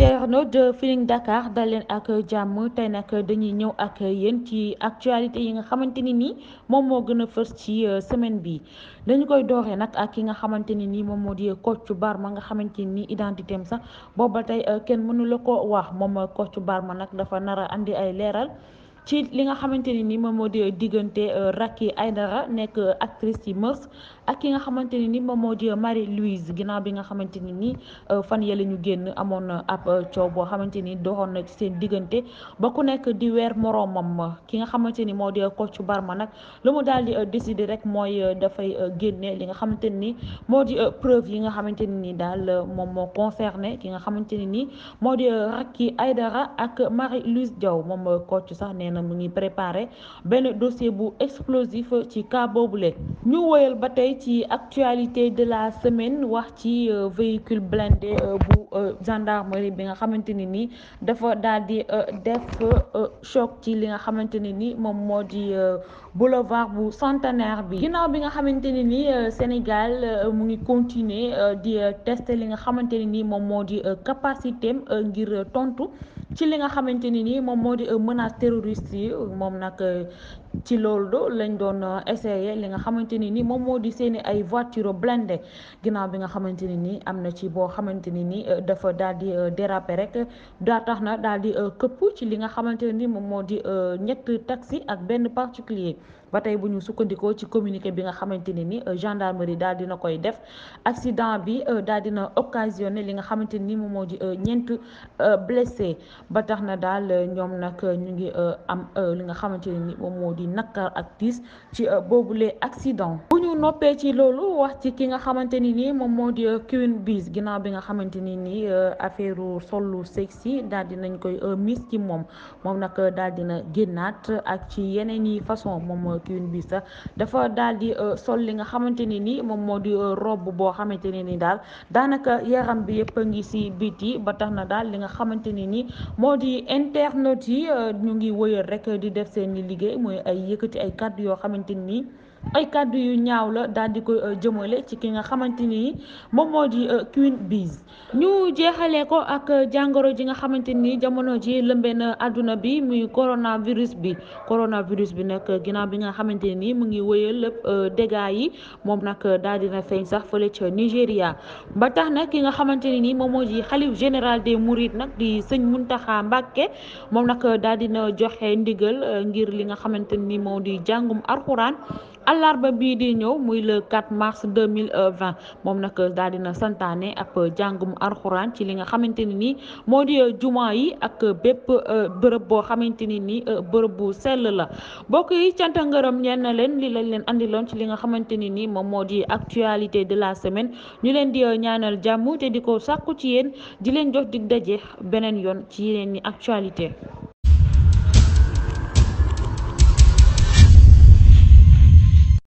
internaute de Feeling Dakar dal leen ak jàmm tey nag dañuy ñëw ak yéen ci actualité yi nga xamante ni nii moom moo gën a fës ci euh, semaine bi dañu koy dooree nag ak ki nga xamante ni nii moom moo di Kocc Barma nga xamante ni identité am sax booba tey euh, kenn mënula la ko wax moom Kocc euh, Barma nag dafa nar a andi ay leeral ci li nga xamante ne ni moom moo di diggante euh, Racky Aïdara nekk euh, actrice ci Mœurs ak ki nga xamante ne ni moom moo di euh, Marie Louise ginnaaw bi nga xamante ne ni fan yële ñu génn amoon ab coow boo xamante ni doxoon na ci seen diggante ba ku nekk di weer moroomam ki nga xamante ni moo di Kocc Barma nag lu mu daal di décider rek mooy dafay génne li nga xamante ne ni moo di preuve yi nga xamante ne ni daal moom moo concerné ki nga xamante ne ni moo di ay dara ak Marie Louise Diaw moom Kocc sax nee na mu ngi préparé benn dossier bu explosif ci cas boobule ñu woyal ba tey ci actualité de la semaine wax ci euh, véhicule blindé euh, bu euh, gendarmerie bi nga xamante ne ni dafa daal di def choc ci li nga xamante ne ni moom moo di boulevard bu centenaire bi ginnaaw bi nga xamante ne ni Sénégal mu ngi continuer di tester li nga xamante ne ni moom moo di capacité ngir tontu ci li nga xamante ni nii moom moo di euh, menace terroriste yi moom nag euh, ci loolu lañ doon euh, essayé li nga xamante ni nii moom moo di seeni ay voiture blindée ginnaaw bi nga xamante ni nii am na ci boo xamante ni nii dafa daal di déraper rek daa tax na daal di këpp ci li nga xamante nii moom moo di ñett taxi ak benn particulier ba tey bu ñu sukkandikoo ci communiqué bi nga xamante ne ni euh, gendarmerie daal dina koy def accident bi euh, daal dina occasionné li nga xamante ni moom moo di ñeent blessé ba tax na daal ñoom nag ñu ngi am li nga xamante ne ni moom moo di euh, nakkar ak tiis ci boobule accident. bu ñu noppee ci loolu wax ci ki nga xamante ni ni moom moo di Queen Biz ginnaaw bi nga xamante ni ni affaire sollu sexy daal nañ koy mis ci moom moom nag daal na génnaat ak ci yeneen yi façon moom. kiwin bi sax dafa daal di euh, sol li nga xamante ne ni moom moo di euh, robb boo xamante ne ni daal daanaka yaram bi yëpp a ngi si yi ba tax na daal li nga xamante ne nii moo di internautes yi euh, ñu ngi wëyal rek di def seen i liggéey mooy ay yëkkati ay kàddu yoo xamante ni. ay kàddu yu ñaaw la daal di ko euh, jëmale ci ki nga xamante ni moom moo di euh, Queen Biz ñu jeexalee ko ak euh, jàngoro ji nga xamante ni jamono ji lëmbee na àdduna bi muy coronavirus bi coronavirus bi nag ginnaaw bi nga xamante ni mu ngi woyee lépp dégâts yi moom nag daal dina feeñ sax fële ca Nigéria ba tax nag ki nga xamante ne ni moom moo di xalif général des murit nag di sëñ Muntaxa Mbàkke moom nag daal dina joxe ndigal ngir li nga xamante ni moo di jàngum alxuraan àllarba bii di ñëw muy le 4 mars 2020 moom nag daal dina santaane ab jàngum arxuraan ci li nga xamante ne nii moo di juma yi ak bépp euh, bërëb boo xamante ni nii euh, bërëb bu sell la mbokk yi cant ngërëm ñeen na leen li lañ leen andiloon ci li nga xamante ni nii moom moo di actualité de la semaine ñu leen di euh, ñaanal jàmm te di ko sàkku ci yéen di leen jox di daje beneen yoon ci yeneen ni actualité